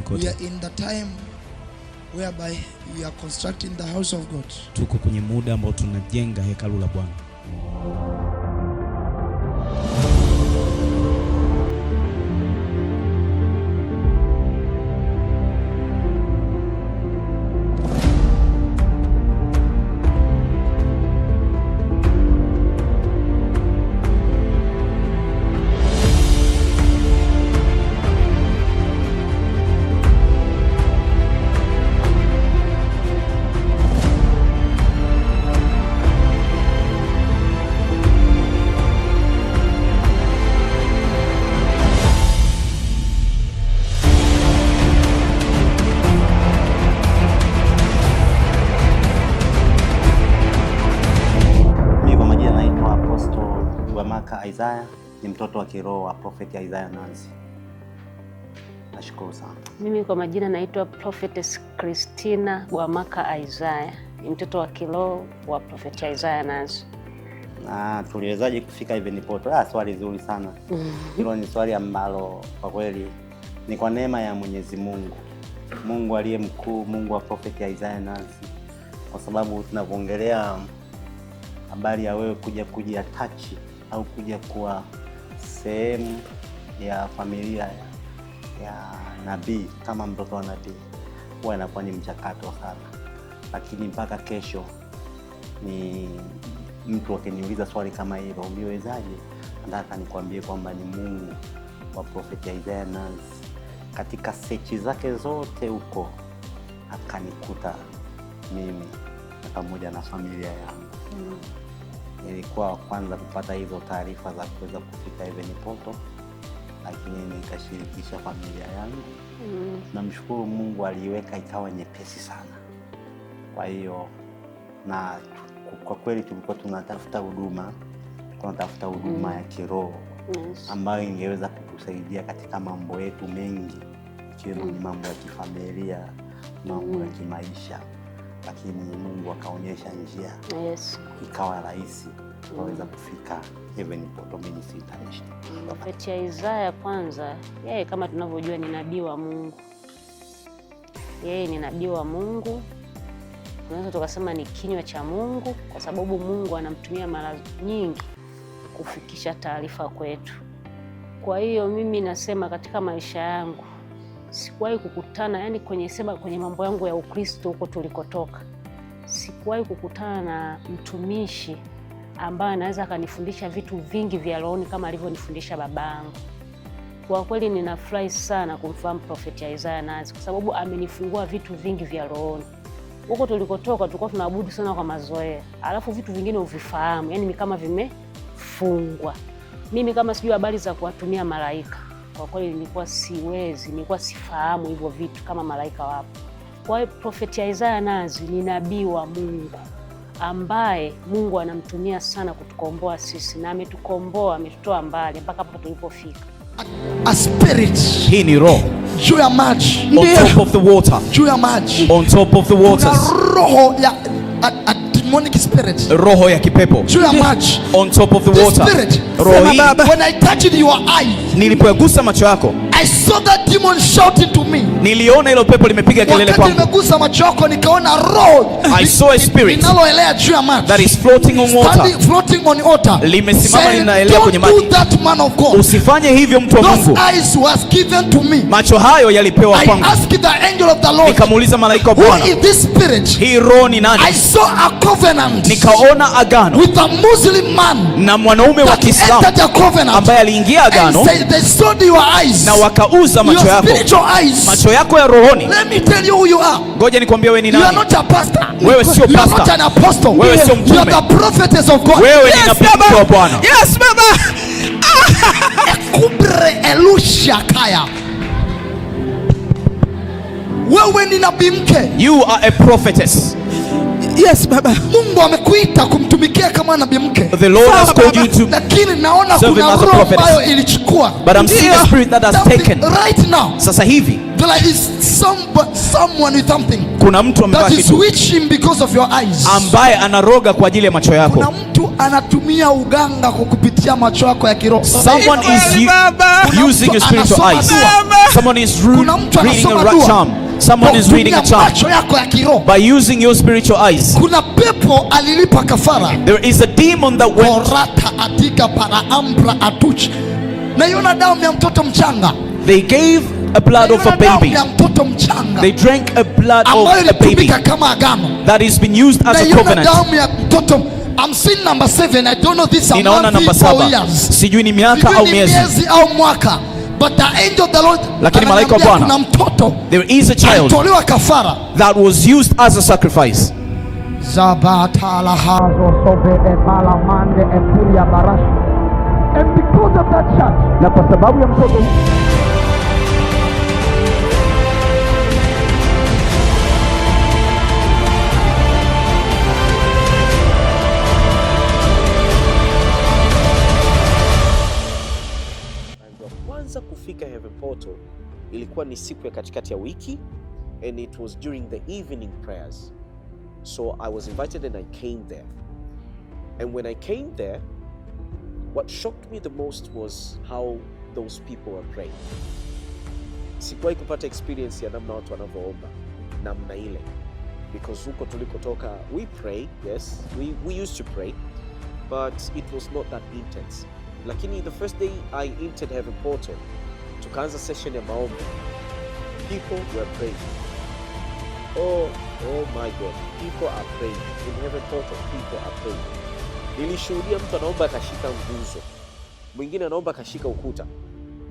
duniani kote. We are in the time whereby are constructing the house of God. Tuko kwenye muda ambao tunajenga hekalu la Bwana. wa kiroho wa Prophet Isaiah Nancy. Nashukuru sana. Mimi kwa majina naitwa Prophetess Christina Gwamaka Isaiah, ni mtoto wa kiroho wa Prophet Isaiah Nancy. Na tuliwezaje kufika hivi nipoto? Ah, swali zuri sana hilo. Ni swali ambalo kwa kweli ni kwa neema ya Mwenyezi Mungu, Mungu aliye mkuu, Mungu wa Prophet Isaiah Nancy, kwa sababu tunavyoongelea habari ya wewe kuja kujiatachi au kuja kuwa sehemu ya familia ya, ya nabii kama mtoto wa nabii, huwa inakuwa ni mchakato sana, lakini mpaka kesho ni mtu akiniuliza swali kama hilo, uliwezaje, nataka nikuambie kwamba ni Mungu wa Prophet Isaiah katika sechi zake zote huko akanikuta mimi pamoja na familia yangu. mm nilikuwa wa kwanza kupata hizo taarifa za kuweza kufika Even poto lakini nikashirikisha familia yangu mm. Namshukuru Mungu aliiweka ikawa nyepesi sana. Kwa hiyo na kwa kweli tulikuwa tunatafuta huduma tunatafuta huduma mm. ya kiroho yes. ambayo ingeweza kutusaidia katika mambo yetu mengi ikiwemo ni mm. mambo ya kifamilia, mambo mm. ya kimaisha lakini Mungu akaonyesha njia yes. Ikawa rahisi ukaweza mm. kufika Heaven Portal Ministries International. mm. Isaya kwanza, yeye kama tunavyojua ni nabii wa Mungu, yeye ni nabii wa Mungu, tunaweza tukasema ni kinywa cha Mungu kwa sababu Mungu anamtumia mara nyingi kufikisha taarifa kwetu. Kwa hiyo mimi nasema katika maisha yangu sikuwahi kukutana yani kwenye sema, kwenye mambo yangu ya Ukristo huko tulikotoka, sikuwahi kukutana na mtumishi ambaye anaweza akanifundisha vitu vingi vya rohoni kama alivyonifundisha yangu. Kwa kweli ninafurahi sana kumfahamu Profeti Isaya Nazi kwa sababu amenifungua vitu vingi vya rohoni. Huko tulikotoka tulikuwa tunaabudu sana kwa mazoea, alafu vitu vingine uvifahamu, yani kama vimefungwa. Mimi kama sijui habari za kuwatumia malaika kwa kweli nilikuwa siwezi, nilikuwa sifahamu hivyo vitu kama malaika wapo. Kwa hiyo profeti Isaya Nazi ni nabii wa Mungu ambaye Mungu anamtumia sana kutukomboa sisi, na ametukomboa, ametutoa mbali mpaka hapa tulipofika. A spirit. Hii ni roho juu ya maji, on top of the water, juu ya maji, on top of the waters, roho ya demonic spirit, roho ya kipepo juu ya maji, on top of the water. Roho hii, when I touched your eye, nilipogusa macho yako I saw that demon shouting to me. Niliona hilo pepo limepiga kelele kwangu. Wakati nimegusa macho yako nikaona roho. I saw a spirit. Linaloelea juu ya maji. That is floating on water. Standing, floating on water. Limesimama linaelea kwenye maji. Don't do that man of God. Usifanye hivyo mtu wa Mungu. Those eyes was given to me. Macho hayo yalipewa kwangu. I asked the angel of the Lord. Nikamuuliza malaika wa Bwana. Who is this spirit? Hii roho ni nani? I saw a covenant. Nikaona agano. With a Muslim man. Na mwanaume wa Kiislamu ambaye aliingia agano. And said, they saw your eyes. Na wakauza macho yako, macho yako ya rohoni. Ngoja nikwambie wewe ni nani. Wewe sio pastor, wewe sio mtume, wewe ni nabii wa Bwana. Yes baba, ekubre elusha kaya wewe ni nabii mke. You are a prophetess. Yes, Baba. Mungu amekuita kumtumikia kama nabii mke. The Lord has called you to lakini naona kuna roho ambayo ilichukua. But I'm seeing a spirit that has taken. Right now. Sasa hivi. There is some, someone with something. Kuna mtu amebaki that is witching because of your eyes. Ambaye anaroga kwa ajili ya macho yako. Kuna mtu anatumia uganga kukupitia macho yako ya kiroho. Someone is using your spiritual eyes. Someone is reading a right charm. Someone is reading a chart. By using your spiritual eyes. Kuna pepo alilipa kafara. There is a demon that went. Orata atika para ambra atuch. Na yona damu ya mtoto mchanga. They gave a blood of a baby. They drank a blood of a baby. That has been used as a covenant. I'm seeing number seven. I don't know this. Ninaona namba saba. Sijui ni miaka au miezi. miezi au mwaka. But the angel of the Lord, lakini malaika wa Bwana, kuna mtoto there is a child alitolewa kafara that was used as a sacrifice zabatalahazosobeemalamande epuria barashi and because of that child, na kwa sababu ya mtoto ni siku ya katikati ya wiki and it was during the evening prayers so I was invited and I came there and when I came there what shocked me the most was how those people were praying. Sikuwahi kupata experience ya namna watu wanavyoomba namna ile because huko tulikotoka we pray yes we, we used to pray but it was not that intense lakini the first day I entered heaven portal tukaanza session ya maombi People were praying. Oh, oh my God, people are praying. We never thought of people are praying. Nilishuhudia mtu anaomba akashika nguzo, mwingine anaomba akashika ukuta,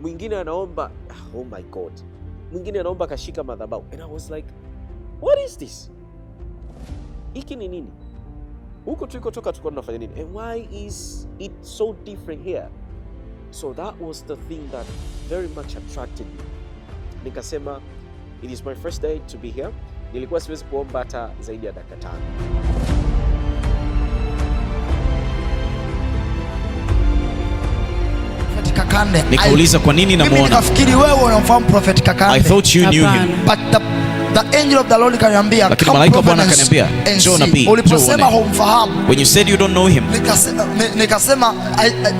mwingine anaomba oh my God, mwingine anaomba akashika madhabahu, and I was like what is this? Hiki ni nini? Huko tulikotoka tulikuwa tunafanya nini? And why is it so different here? So that was the thing that very much attracted me nikasema it is my first day to be here. Nilikuwa siwezi kuomba hata zaidi ya dakika tano. Nikauliza kwa nini namuona. Nikafikiri wewe unamfahamu Prophet Kakande. I thought you knew him. But the The angel of the Lord kaniambia, lakini malaika wa Bwana kaniambia njoo nabii. Uliposema humfahamu, when you said you don't know him, nikasema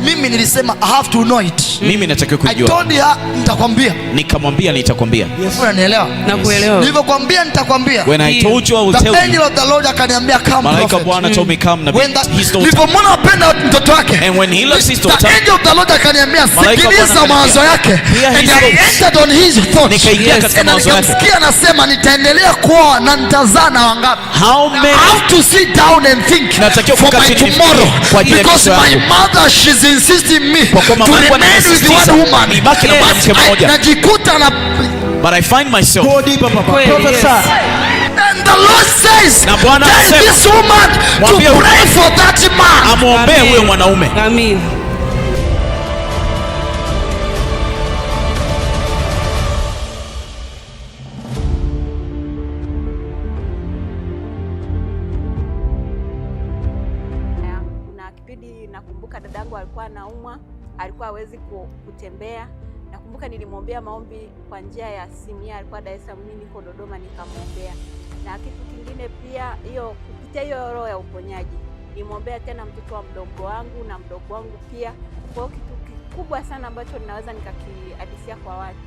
mimi nilisema I have to know it, mm. mimi natakiwa kujua. I told her nitakwambia, nikamwambia nitakwambia. unanielewa? Nakuelewa. Nilivyokuambia nitakwambia, when I told you I will tell you, the angel of the Lord akaniambia come. Malaika wa Bwana mm. told me come nabii. Nilipomwona apenda mtoto wake, and when he loves his daughter, the angel of the Lord akaniambia sikiliza mawazo yake, and I entered on his thoughts, nikaingia katika mawazo yake, nasikia anasema nitaendelea kuoa na nitazana wangapi? How many? I have to sit down and think for my tomorrow because my mother she's insisting me to remain with one woman but I najikuta na but I find myself Papa. Professor. And the Lord says, na this woman to pray for that man. Amwombee huyo mwanaume. Amen. nakumbuka dadangu alikuwa anaumwa, alikuwa hawezi kutembea. Nakumbuka nilimwombea maombi kwa njia ya simu, alikuwa Dar es Salaam, mimi niko Dodoma, nikamwombea. Na kitu kingine pia, hiyo kupitia hiyo roho ya uponyaji nimwombea tena mtoto wa mdogo wangu na mdogo wangu pia. Kwa hiyo kitu kikubwa sana ambacho ninaweza nikakihadisia kwa watu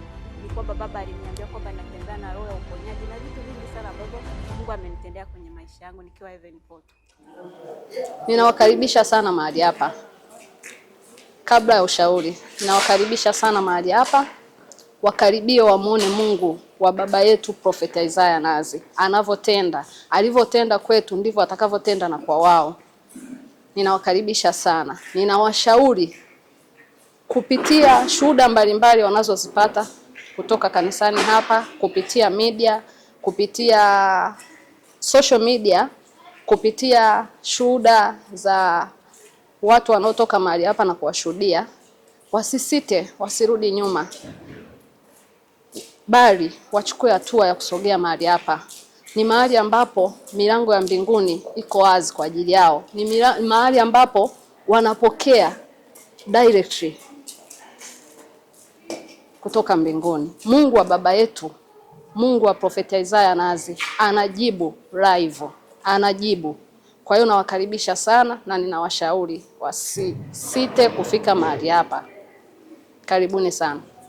ni kwamba baba aliniambia kwamba natembea na roho ya uponyaji na vitu vingi sana ambavyo Mungu amenitendea kwenye maisha yangu nikiwa Heaven Portal. Ninawakaribisha sana mahali hapa. Kabla ya ushauri, ninawakaribisha sana mahali hapa, wakaribie wamwone Mungu wa baba yetu Prophet Isaiah Nazi anavyotenda, alivyotenda kwetu ndivyo atakavyotenda na kwa wao. Ninawakaribisha sana, ninawashauri kupitia shuhuda mbalimbali wanazozipata kutoka kanisani hapa, kupitia media, kupitia social media, kupitia shuhuda za watu wanaotoka mahali hapa na kuwashuhudia, wasisite, wasirudi nyuma, bali wachukue hatua ya kusogea mahali hapa. Ni mahali ambapo milango ya mbinguni iko wazi kwa ajili yao, ni mahali ambapo wanapokea directly kutoka mbinguni. Mungu wa baba yetu, Mungu wa profeti Isaya Nazi anajibu live, anajibu. Kwa hiyo nawakaribisha sana na ninawashauri wasisite kufika mahali hapa. Karibuni sana.